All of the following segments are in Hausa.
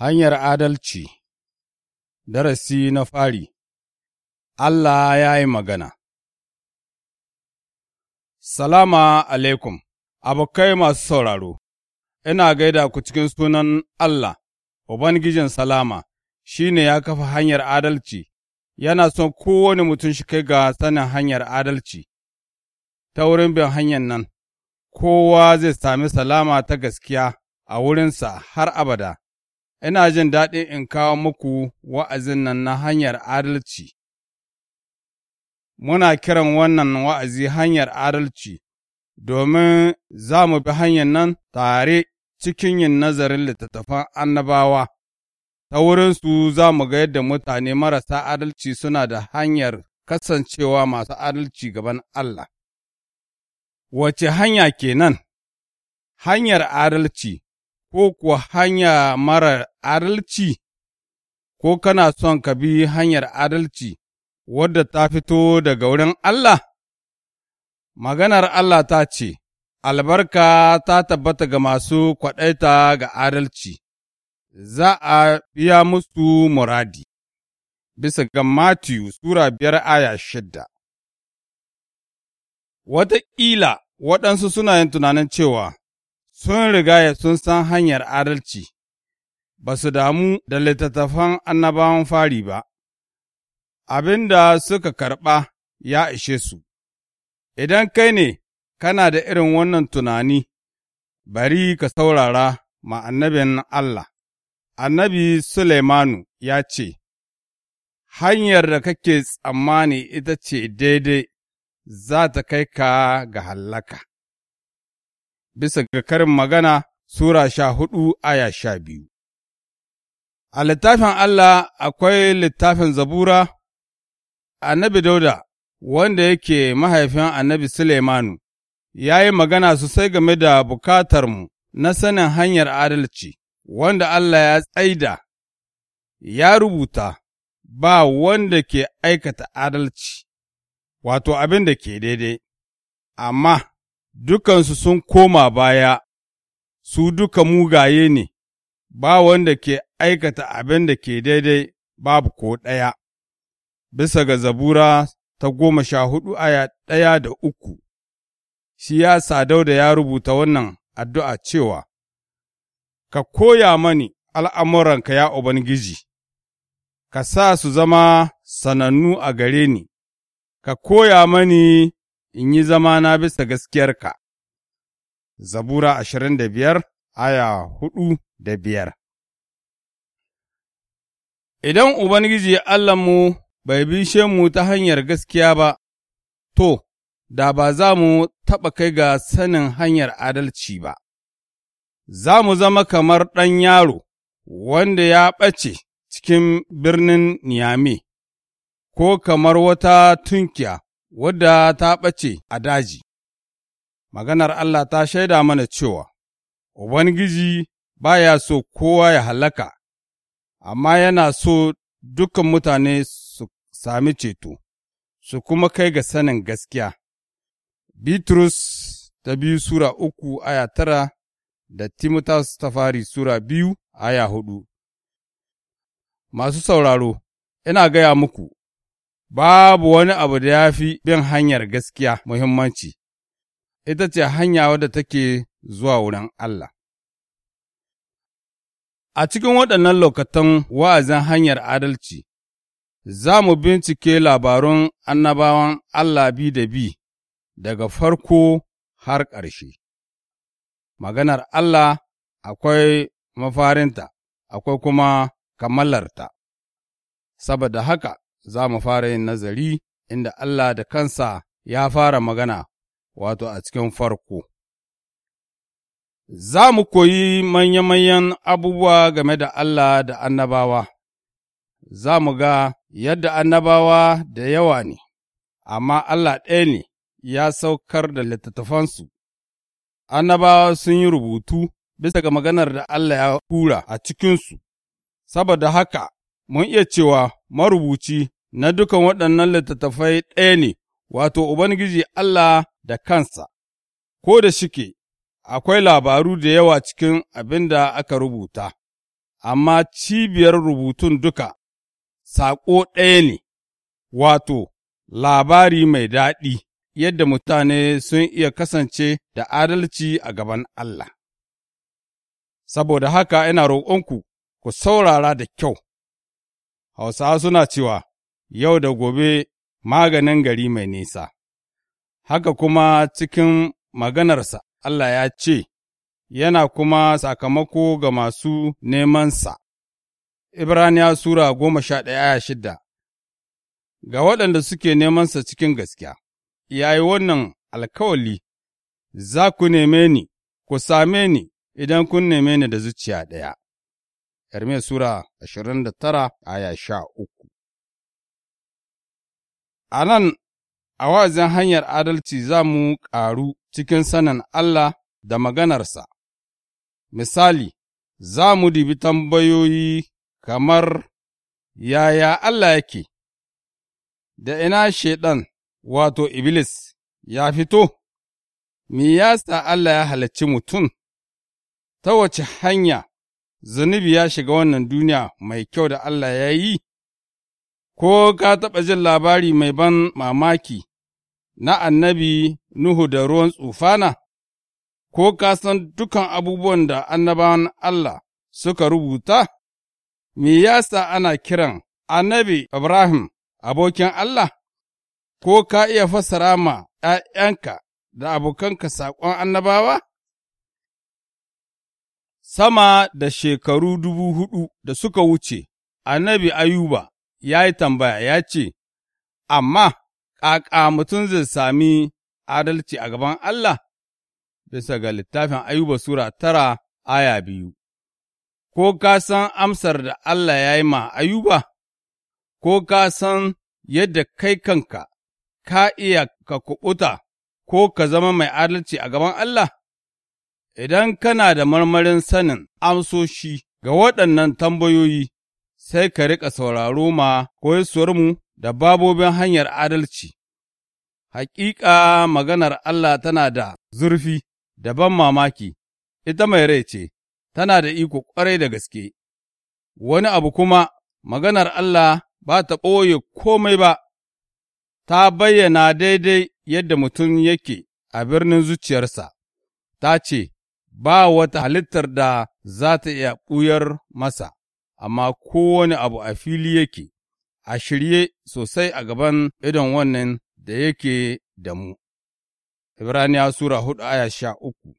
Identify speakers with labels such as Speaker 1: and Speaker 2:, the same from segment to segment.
Speaker 1: Hanyar adalci Darasi na fari Allah ya yi magana Salama alaikum, abokai masu sauraro, ina gaida ku cikin sunan Allah, Ubangijin Salama, shi ne ya kafa hanyar adalci, yana son kowane mutum shi kai ga sanin hanyar adalci, ta wurin bin hanyar nan, kowa zai sami salama ta gaskiya a wurinsa har abada. ina jin daɗin in kawo muku wa'azin nan na hanyar adalci. Muna kiran wannan wa'azi hanyar adalci, domin za mu bi hanyar nan tare cikin yin nazarin littattafan annabawa, ta wurinsu za mu ga yadda mutane marasa adalci suna da hanyar kasancewa masu adalci gaban Allah. Wace hanya kenan? Hanyar adalci. ko kuwa hanya marar adalci, ko kana son ka bi hanyar adalci wadda ta fito daga wurin Allah? Maganar Allah ta ce, Albarka ta tabbata ga masu kwaɗaita ga adalci, za a biya musu muradi, bisa ga Matiyu Sura biyar aya shidda. Wataƙila waɗansu suna yin tunanin cewa, sun riga ya sun san hanyar adalci, ba su damu da littattafan annabawan fari ba, abin da suka karɓa ya ishe su, idan kai ne kana da irin wannan tunani, bari ka saurara ma annabin Allah, annabi Suleimanu ya ce, Hanyar da kake tsammani ita ce daidai za ta kai ka ga hallaka. bisa ga karin magana Sura sha hudu aya sha biyu. A littafin Allah akwai littafin zabura, annabi Dauda, wanda yake mahaifin annabi Suleimanu, ya yi magana sosai game da bukatarmu na sanin hanyar adalci, wanda Allah ya tsaida, ya rubuta ba wanda ke aikata adalci, wato abin da ke daidai, amma dukansu sun koma baya, su duka mugaye ne, ba wanda ke aikata abin da ke daidai babu ko ɗaya, bisa ga zabura ta goma sha hudu aya ɗaya da uku, shi ya Dauda ya rubuta wannan addu'a cewa, Ka koya mani al'amuranka, ya Ubangiji, ka sa su zama sanannu a gare ni, ka koya mani in yi zama na bisa gaskiyarka. Zabura ashirin da biyar, aya hudu da biyar. Idan Ubangiji Allahnmu bai bishe mu ta hanyar gaskiya ba, to, da ba za mu taɓa kai ga sanin hanyar adalci ba, za mu zama kamar ɗan yaro wanda ya ɓace cikin birnin Niyame, ko kamar wata tunkiya wadda ta ɓace a daji. Maganar Allah ta shaida mana cewa, Ubangiji ba ya so kowa ya halaka, amma yana so dukan mutane su sami ceto, su kuma kai ga sanin gaskiya. Bitrus ta biyu Sura uku aya tara da Timotas ta fari Sura biyu aya hudu. Masu sauraro, ina gaya muku, babu wani abu da ya fi bin hanyar gaskiya muhimmanci, ita ce hanya wadda take zuwa wurin Allah. A cikin waɗannan lokatan wa'azin hanyar adalci, za mu bincike labarun annabawan Allah bi da bi daga farko har ƙarshe. Maganar Allah akwai mafarinta, akwai kuma kammalarta, saboda haka za mu fara yin nazari inda Allah da kansa ya fara magana, wato a cikin farko. Za mu koyi manya-manyan abubuwa game da Allah da annabawa, za mu ga yadda annabawa da yawa ne, amma Allah ɗaya ne ya saukar da littattafansu. Annabawa sun yi rubutu bisa ga maganar da Allah ya kura a cikinsu, saboda haka mun iya cewa marubuci na dukan waɗannan littattafai ɗaya ne, wato, Ubangiji Allah da kansa, ko da shike, akwai labaru da yawa cikin abin da aka rubuta, amma cibiyar rubutun duka saƙo ɗaya ne, wato, labari mai daɗi, yadda mutane sun iya kasance da adalci a gaban Allah. Saboda haka ina roƙonku ku saurara da kyau. Hausawa suna cewa, Yau da gobe maganin gari mai nisa, haka kuma cikin maganarsa Allah ya ce, Yana kuma sakamako ga masu nemansa. Ibraniya Sura goma sha ɗaya shida Ga waɗanda suke nemansa cikin gaskiya, yayi wannan alkawali, za ku neme ni, ku same ni idan kun neme ni da zuciya ɗaya. Irmiya Sura ashirin da tara aya sha uku. A nan, a wa'azin hanyar adalci za mu ƙaru cikin sanin Allah da maganarsa, misali, za mu dibi tambayoyi kamar yaya Allah yake, da ina Shaiɗan wato Iblis ya fito, me yasa Allah ya halarci mutum, ta wace hanya zunubi ya shiga wannan duniya mai kyau da Allah ya yi? Ko ka taɓa jin labari mai ban mamaki na annabi Nuhu da ruwan tsufana? Ko ka san dukan abubuwan da annabawan Allah suka rubuta? Me yasa ana kiran annabi Ibrahim abokin Allah? Ko ka iya fassara ma ’ya'yanka da abokanka saƙon annabawa? sama da shekaru dubu hudu da suka wuce, annabi Ayuba ya yi tambaya ya ce, Amma, ƙaƙa mutum zai sami adalci a gaban Allah, bisa ga littafin Ayuba Sura tara aya biyu, ko ka san amsar da Allah ya yi ma Ayuba, ko ka san yadda kai kanka ka iya ka kuɓuta ko ka zama mai adalci a gaban Allah? Idan kana da marmarin sanin amsoshi ga waɗannan tambayoyi, sai ka riƙa sauraro ma mu da babobin hanyar adalci. Hakika maganar Allah tana da zurfi da ban mamaki, ita mai rai ce, tana da iko ƙwarai da gaske, wani abu kuma maganar Allah ba ta ɓoye komai ba, ta bayyana daidai yadda mutum yake a birnin zuciyarsa, ta ce, ba wata halittar da za ta iya ɓuyar masa, amma kowane abu a fili yake, a shirye sosai a gaban idon wannan da yake da mu. Ibraniya Sura hudu aya sha uku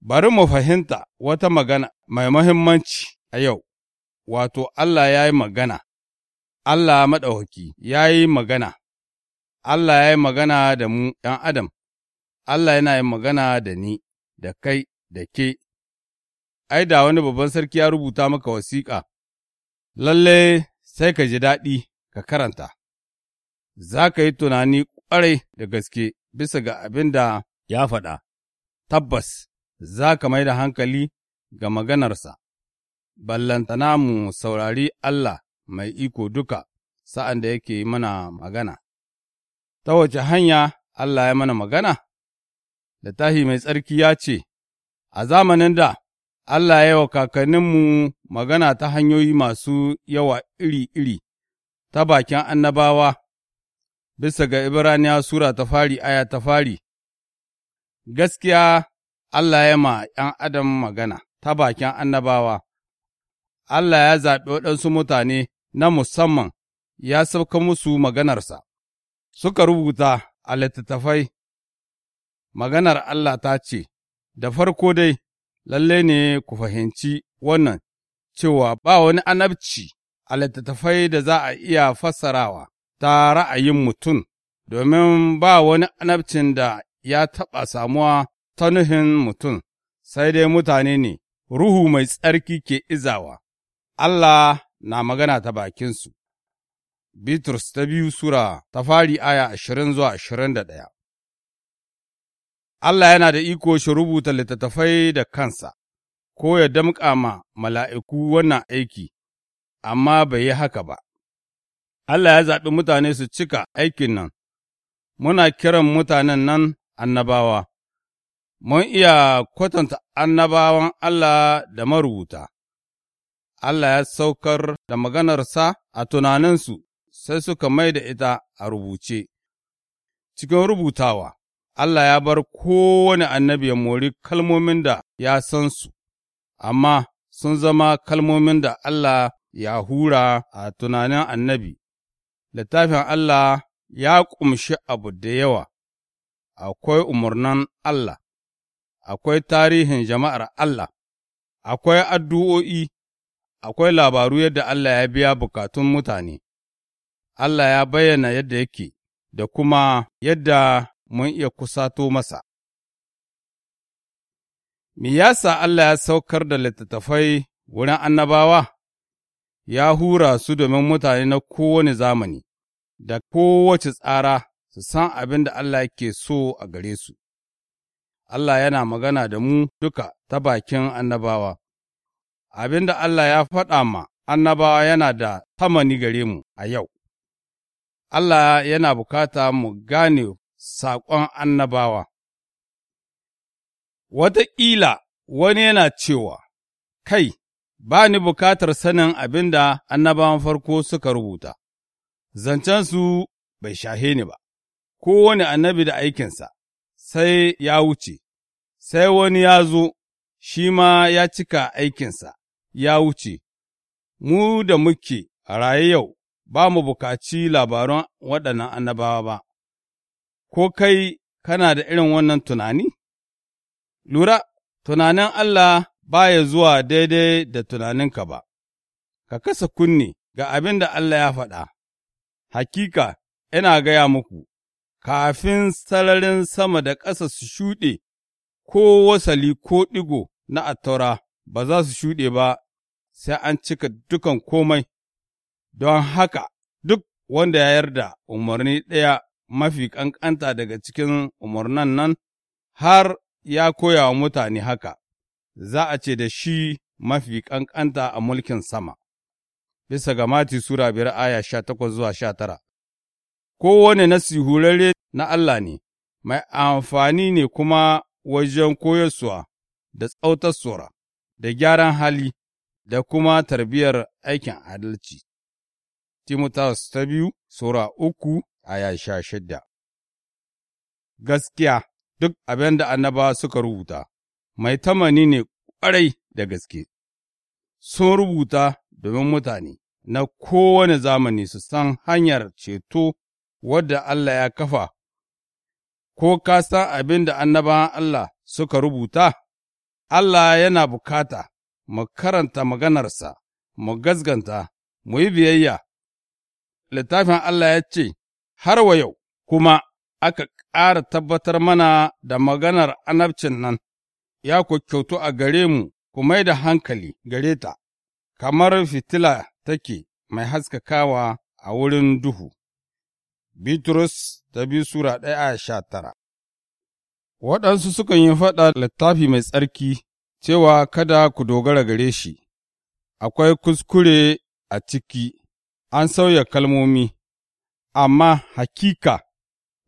Speaker 1: Bari mu fahimta wata magana mai mahimmanci a yau, wato Allah ya yi magana, Allah maɗauki ya yi magana, Allah ya yi magana da mu ’yan Adam, Allah yana yin magana da ni, da kai, da ke, ai, da wani babban sarki ya rubuta maka wasiƙa, lalle sai ka ji daɗi ka karanta, za ka yi tunani ƙwarai da gaske bisa ga abin da ya faɗa, tabbas za ka mai da hankali ga maganarsa, ballantana mu saurari Allah mai iko duka sa'an da yake mana magana. Ta wace hanya Allah ya mana magana? Da tahi mai tsarki ya ce, a zamanin da Allah ya yi wa kakanninmu magana ta hanyoyi masu yawa iri-iri ta bakin annabawa, bisa ga Ibraniya Sura ta fari aya ta fari, gaskiya Allah ya ma ’yan adam magana ta bakin annabawa, Allah ya zaɓi waɗansu mutane na musamman ya sauka musu maganarsa, suka rubuta a littattafai, maganar Allah ta ce, Da farko dai, lalle ne ku fahimci wannan, cewa ba wani anabci a littattafai da za a iya fassarawa ta ra'ayin mutum, domin ba wani anabcin da ya taɓa samuwa ta nuhin mutum, sai dai mutane ne, Ruhu mai tsarki ke izawa, Allah na magana ta bakinsu. Bitrus ta biyu Sura ta fari aya ashirin zuwa ashirin da ɗaya Allah yana da iko shi rubuta littattafai da kansa, ko ya damƙa ma mala'iku wannan aiki, amma bai yi haka ba. Allah ya zaɓi mutane su cika aikin nan, muna kiran mutanen nan annabawa, mun iya kwatanta annabawan Allah da marubuta. Allah ya saukar da maganarsa a tunaninsu sai suka mai da ita a rubuce, cikin rubutawa, Allah ya bar kowane annabi ya mori kalmomin da ya san su, amma sun zama kalmomin da Allah ya hura a tunanin annabi. Littafin Allah ya ƙumshi abu da yawa, akwai umarnan Allah, akwai tarihin jama'ar Allah, akwai addu'o'i, akwai labaru yadda Allah ya biya bukatun mutane, Allah ya bayyana yadda yake da kuma yadda mun iya kusato masa. Me yasa Allah ya saukar da littattafai wurin annabawa, ya hura su domin mutane na kowane zamani, da kowace tsara su san abin da Allah yake so a gare su. Allah yana magana da mu duka ta bakin annabawa. Abin da Allah ya faɗa ma annabawa yana da tamani gare mu a yau. Allah yana bukata mu gane saƙon annabawa. Wataƙila wani yana cewa, Kai, ba ni bukatar sanin abin da annabawan farko suka rubuta, zancensu bai shahe ni ba, wani annabi da aikinsa, sai ya wuce, sai wani ya zo, shi ma ya cika aikinsa, ya wuce, mu da muke a raye yau ba mu bukaci labaran waɗannan annabawa ba. ko kai kana da irin wannan tunani? Lura, tunanin Allah ba ya zuwa daidai da tunaninka ba, ka kasa kunne ga abin da Allah ya faɗa, hakika ina gaya muku, kafin sararin sama da ƙasa su shuɗe, ko wasali ko ɗigo na attaura ba za su shuɗe ba, sai an cika dukan komai, don haka duk wanda ya yarda umarni ɗaya mafi ƙanƙanta daga cikin umarnan nan, har ya koya wa mutane haka, za a ce da shi mafi ƙanƙanta a mulkin sama. Bisa ga Mati Sura biyar aya sha takwas zuwa sha tara. Kowane nasihurare na Allah ne, mai amfani ne kuma wajen koyarsuwa da tsautarsuwa da gyaran hali da kuma tarbiyyar aikin adalci. Timotheus ta biyu Sura uku aya sha shidda. Gaskiya duk abin da annabawa suka rubuta, mai tamani ne ƙwarai da gaske, sun rubuta domin mutane na kowane zamani su san hanyar ceto wadda Allah ya kafa, ko ka san abin da annabawan Allah suka rubuta, Allah yana bukata mu karanta maganarsa, mu gazganta, mu yi biyayya. Littafin Allah ya ce, har wa yau kuma aka ƙara tabbatar mana da maganar anabcin nan, ya kyautu a gare mu ku mai da hankali gare ta, kamar fitila take mai haskakawa a wurin duhu. Bitrus ta bi Sura ɗaya a sha tara Waɗansu sukan yi faɗa littafi mai tsarki cewa kada ku dogara gare shi, akwai kuskure a ciki, an sauya kalmomi, amma hakika,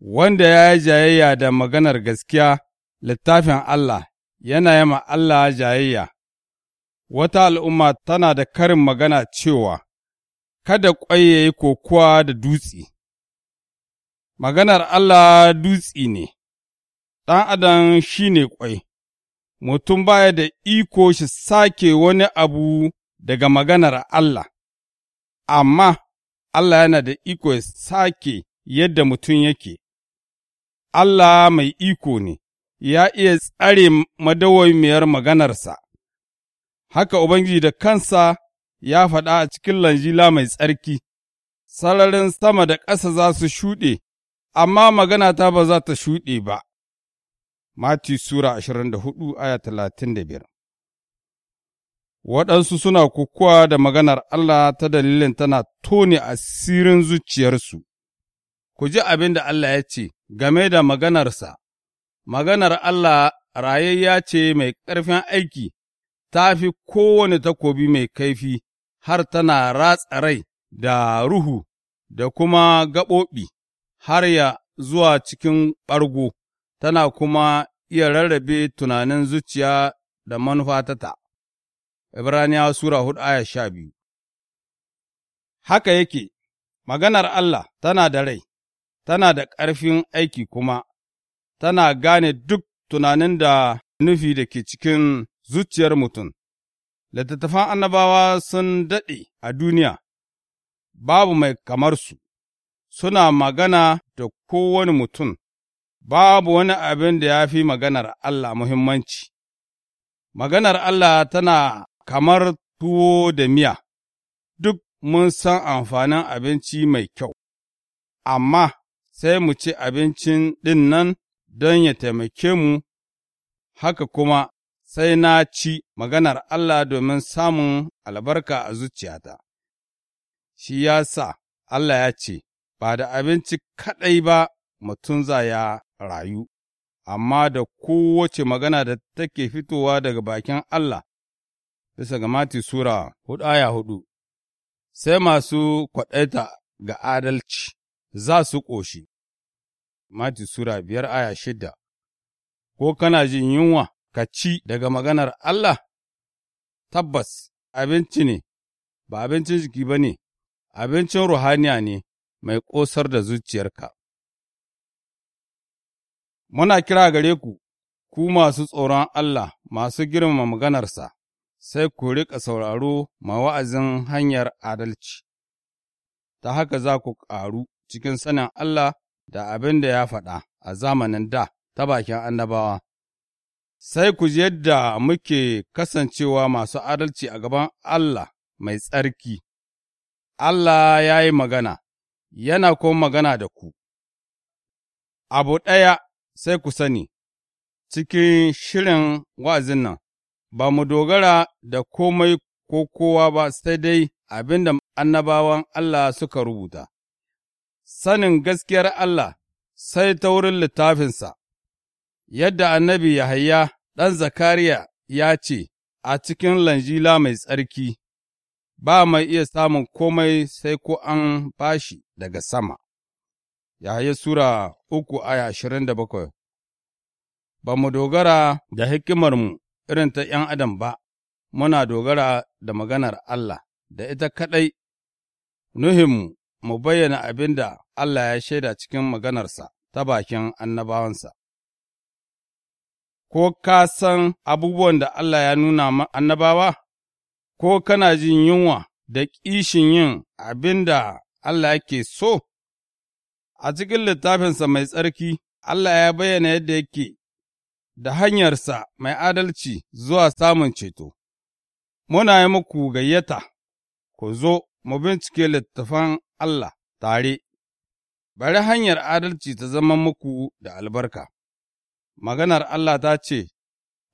Speaker 1: wanda ya yi jayayya da maganar gaskiya littafin Allah yana ma Allah jayayya. Wata al'umma tana da karin magana cewa, Kada kwai ya yi kokowa da dutse, maganar Allah dutse ne, ɗan adam shi ne ƙwai, mutum baya da iko shi sake wani abu daga maganar Allah, amma Allah yana da iko ya sake yadda mutum yake, Allah mai iko ne, ya iya tsare madawamiyar maganarsa, haka Ubangiji da kansa ya faɗa a cikin lanjila mai tsarki, sararin sama da ƙasa za su shuɗe, amma maganata ba za ta shuɗe ba. Mati Sura ashirin da hudu aya talatin da biyar waɗansu suna kukuwa da maganar Allah ta dalilin tana tone asirin zuciyarsu, ku ji abin da Allah ya ce game da maganarsa, maganar Allah rayayya ce mai ƙarfin aiki, ta fi kowane takobi mai kaifi har tana ratsa rai da ruhu da kuma gaɓoɓi har ya zuwa cikin ɓargo, tana kuma iya rarrabe tunanin zuciya da manufatata. Ibraniyawa Sura hudu aya sha biyu. Haka yake, maganar Allah tana da rai, tana da ƙarfin aiki kuma, tana gane duk tunanin da nufi da ke cikin zuciyar mutum. Littattafan annabawa sun daɗe a duniya, babu mai kamar su, suna magana da kowane mutum, babu wani abin da ya fi maganar Allah muhimmanci. Maganar Allah tana kamar tuwo da miya, duk mun san amfanin abinci mai kyau, amma sai mu ci abincin ɗin nan don ya taimake mu, haka kuma sai na ci maganar Allah domin samun albarka a zuciyata. Shi ya sa Allah ya ce, Ba da abinci kaɗai ba mutum za ya rayu, amma da kowace magana da take fitowa daga bakin Allah. bisa ga Mati Sura hudu aya hudu, sai masu kwaɗaita ga adalci za su ƙoshi, Mati Sura biyar aya shida, ko kana jin yunwa ka ci daga maganar Allah? Tabbas, abinci ne, ba abincin jiki ba ne, abincin ruhaniya ne mai ƙosar da zuciyarka. Muna kira gare ku, ku masu tsoron Allah, masu girmama maganarsa. sai ku riƙa sauraro ma wa'azin hanyar adalci, ta haka za ku ƙaru cikin sanin Allah da abin da ya faɗa a zamanin da ta bakin annabawa. Sai ku ji yadda muke kasancewa masu adalci a gaban Allah mai tsarki, Allah ya yi magana, yana kuma magana da ku. Abu ɗaya sai ku sani, cikin shirin wa'azin nan, ba mu dogara da komai ko kowa ba sai dai abin da annabawan Allah suka rubuta, sanin gaskiyar Allah sai ta wurin littafinsa, yadda annabi Yahaya ɗan Zakariya ya ce a cikin lanjila mai tsarki, ba mai iya samun komai sai ko an bashi daga sama. Yahaya Sura uku aya ashirin da bakwai Ba mu dogara da hikimarmu irin ta ’yan adam ba, muna dogara da maganar Allah, da ita kaɗai, nuhinmu mu bayyana abin da Allah ya shaida cikin maganarsa ta bakin annabawansa. Ko ka san abubuwan da Allah ya nuna annabawa, ko kana jin yunwa da ƙishin yin abin da Allah yake so? A cikin littafinsa mai tsarki, Allah ya bayyana yadda yake da hanyarsa mai adalci zuwa samun ceto. Muna yi muku gayyata, ku zo mu bincike littattafan Allah tare, bari hanyar adalci ta zama muku da albarka. Maganar Allah ta ce,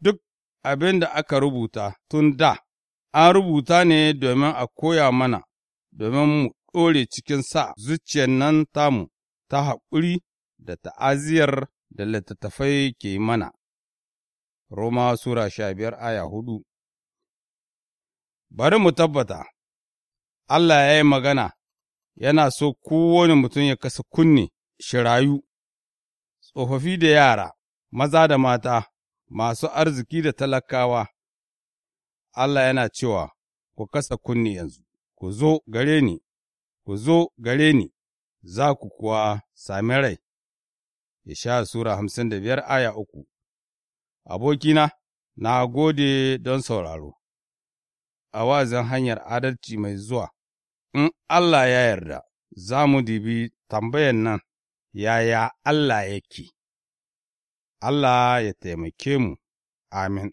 Speaker 1: Duk abin da aka rubuta tun da, an rubuta ne domin a koya mana, domin mu ɗore cikin sa zuciyar nan tamu ta haƙuri da ta'aziyar da littattafai ke mana. Roma Sura sha biyar aya hudu Bari mu tabbata, Allah ya yi magana, yana so kowane mutum ya kasa kunne, shirayu, tsofaffi da yara, maza da mata, masu arziki da talakawa. Allah yana cewa, Ku kasa kunne yanzu, ku zo gare ni, ku zo gare ni, za ku kuwa sami rai. Isha Sura hamsin da biyar aya uku Abokina, na gode don sauraro, a wazin hanyar adalci mai zuwa, in Allah ya yarda, za mu dibi tambayan nan, yaya Allah yake, Allah ya taimake mu, amin.